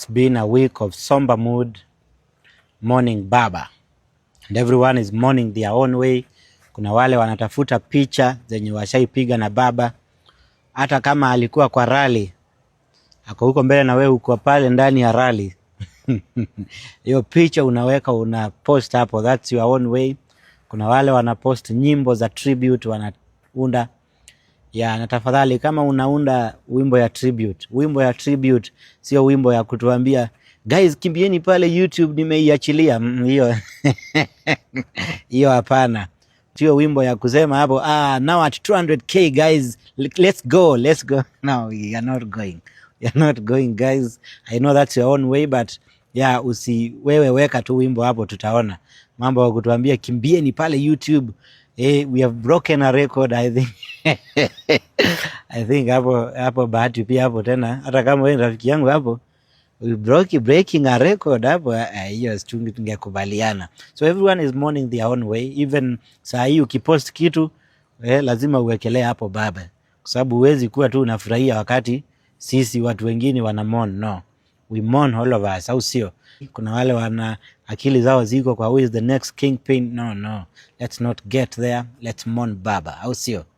It's been a week of somber mood mourning baba and everyone is mourning their own way. Kuna wale wanatafuta picha zenye washaipiga na baba, hata kama alikuwa kwa rali, ako huko mbele na wewe uko pale ndani ya rali hiyo picha unaweka una post hapo, that's your own way. Kuna wale wanapost nyimbo za tribute, wanaunda ya na tafadhali, kama unaunda wimbo ya tribute, wimbo ya tribute sio wimbo ya kutuambia guys kimbieni pale YouTube nimeiachilia mm, hiyo hiyo hapana, sio wimbo ya kusema hapo ah, now at 200k guys let's go let's go. No, you are not going, you are not going guys, I know that's your own way but ya yeah, usi wewe weka tu wimbo hapo, tutaona mambo ya kutuambia kimbieni pale YouTube Hey, eh, we have broken a record I think I think hapo hapo bahati pia hapo tena, hata kama wewe rafiki yangu hapo we broke breaking a record hapo eh, eh, hiyo, uh, tungekubaliana. So everyone is mourning their own way. Even saa hii ukipost kitu eh, lazima uwekelee hapo baba, kwa sababu huwezi kuwa tu unafurahia wakati sisi watu wengine wanamon no we mourn all of us, au sio? Kuna wale wana akili zao ziko kwa who is the next kingpin. No, no, let's not get there, let's mourn baba, au sio?